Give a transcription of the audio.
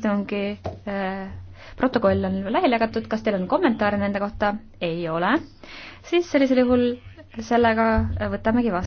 istungi äh, protokoll on laiali jagatud, kas teil on kommentaare nende kohta? ei ole. siis sellisel juhul sellega võtamegi vastu.